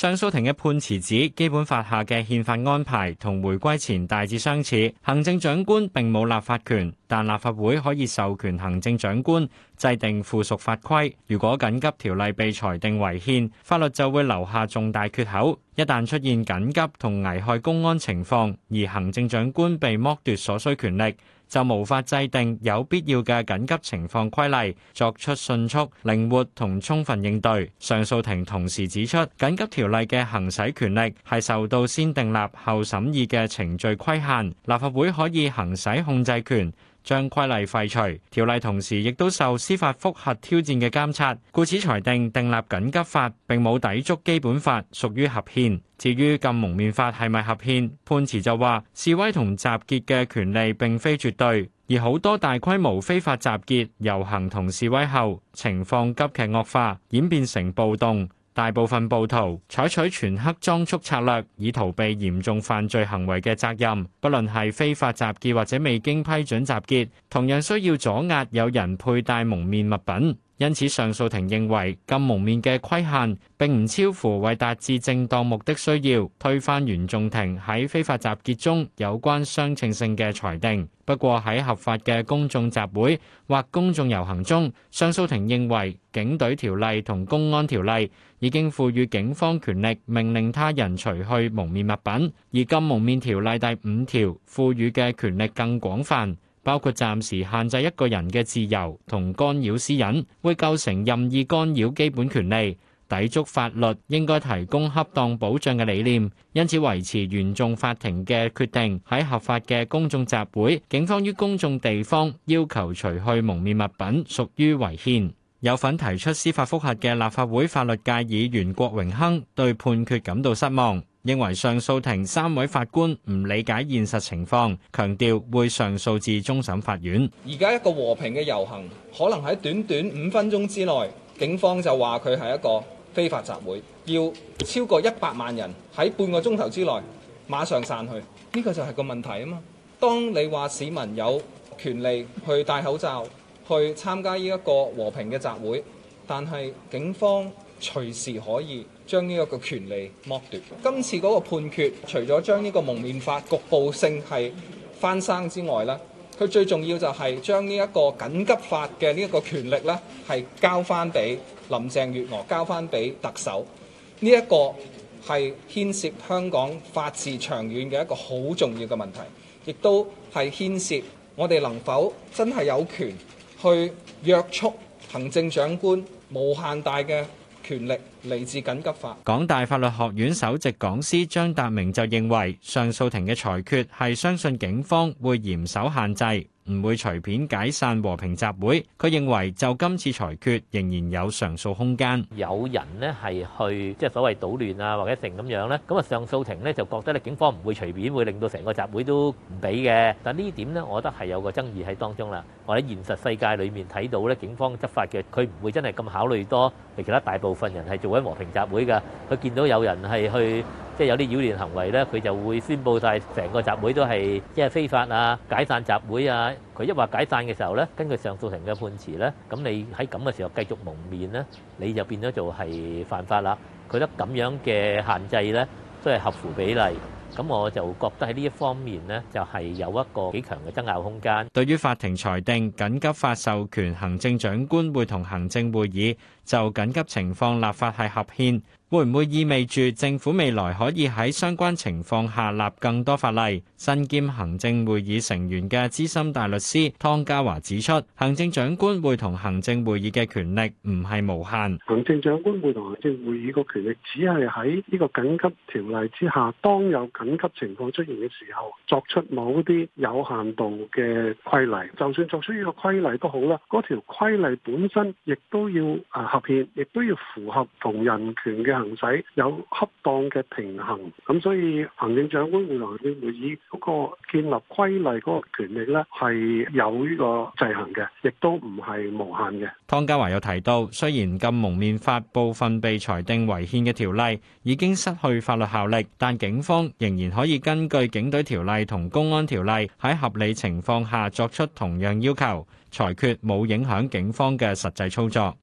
上訴庭嘅判詞指，基本法下嘅憲法安排同回歸前大致相似，行政長官並冇立法權，但立法會可以授權行政長官制定附屬法規。如果緊急條例被裁定違憲，法律就會留下重大缺口。一旦出現緊急同危害公安情況，而行政長官被剝奪所需權力，就無法制定有必要嘅緊急情況規例，作出迅速、靈活同充分應對。上訴庭同時指出，緊急條例嘅行使權力係受到先訂立後審議嘅程序規限，立法會可以行使控制權。將規例廢除，條例同時亦都受司法覆核挑戰嘅監察，故此裁定訂立緊急法，並冇抵觸基本法，屬於合憲。至於禁蒙面法係咪合憲？判詞就話示威同集結嘅權利並非絕對，而好多大規模非法集結、遊行同示威後，情況急劇惡化，演變成暴動。大部分暴徒採取全黑裝束策略，以逃避嚴重犯罪行為嘅責任。不論係非法集結或者未經批准集結，同樣需要阻押有人佩戴蒙面物品。因此，上訴庭認為禁蒙面嘅規限並唔超乎為達至正當目的需要，推翻原訟庭喺非法集結中有關相稱性嘅裁定。不過喺合法嘅公眾集會或公眾遊行中，上訴庭認為警隊條例同公安條例已經賦予警方權力命令他人除去蒙面物品，而禁蒙面條例第五條賦予嘅權力更廣泛。包括暫時限制一個人嘅自由同干擾私隱，會構成任意干擾基本權利，抵觸法律應該提供恰當保障嘅理念。因此維持原訟法庭嘅決定。喺合法嘅公眾集會，警方於公眾地方要求除去蒙面物品，屬於違憲。有份提出司法覆核嘅立法會法律界議員郭榮鏗對判決感到失望。認為上訴庭三位法官唔理解現實情況，強調會上訴至終審法院。而家一個和平嘅遊行，可能喺短短五分鐘之內，警方就話佢係一個非法集會，要超過一百萬人喺半個鐘頭之內馬上散去，呢、這個就係個問題啊嘛。當你話市民有權利去戴口罩去參加呢一個和平嘅集會，但係警方。隨時可以將呢一個權利剝奪。今次嗰個判決，除咗將呢個蒙面法局部性係翻生之外呢，佢最重要就係將呢一個緊急法嘅呢一個權力呢，係交翻俾林鄭月娥，交翻俾特首。呢一個係牽涉香港法治長遠嘅一個好重要嘅問題，亦都係牽涉我哋能否真係有權去約束行政長官無限大嘅權力嚟自緊急法。港大法律學院首席講師張達明就認為，上訴庭嘅裁決係相信警方會嚴守限制。唔會隨便解散和平集會。佢認為就今次裁決仍然有上訴空間。有人咧係去，即係所謂搗亂啊，或者成咁樣咧，咁啊上訴庭咧就覺得咧警方唔會隨便會令到成個集會都唔俾嘅。但呢點咧，我覺得係有個爭議喺當中啦。或者現實世界裡面睇到咧，警方執法嘅佢唔會真係咁考慮多，而其他大部分人係做緊和平集會噶。佢見到有人係去。即係有啲擾亂行為咧，佢就會宣佈曬成個集會都係即係非法啊！解散集會啊！佢一話解散嘅時候咧，根據上訴庭嘅判詞咧，咁你喺咁嘅時候繼續蒙面咧，你就變咗做係犯法啦。佢得咁樣嘅限制咧，都係合乎比例。咁我就覺得喺呢一方面咧，就係有一個幾強嘅爭拗空間。對於法庭裁定緊急法授權，行政長官會同行政會議就緊急情況立法係合憲。會唔會意味住政府未來可以喺相關情況下立更多法例？身兼行政會議成員嘅資深大律師湯家驊指出，行政長官會同行政會議嘅權力唔係無限。行政長官會同行政會議個權力只係喺呢個緊急條例之下，當有緊急情況出現嘅時候作出某啲有限度嘅規例。就算作出呢個規例都好啦，嗰條規例本身亦都要啊合憲，亦都要符合同人權嘅，行使有恰當嘅平衡，咁所以行政長官同行政會議嗰個建立規例嗰個權力呢，係有呢個制衡嘅，亦都唔係無限嘅。湯家驊又提到，雖然禁蒙面法部分被裁定違憲嘅條例已經失去法律效力，但警方仍然可以根據警隊條例同公安條例喺合理情況下作出同樣要求，裁決冇影響警方嘅實際操作。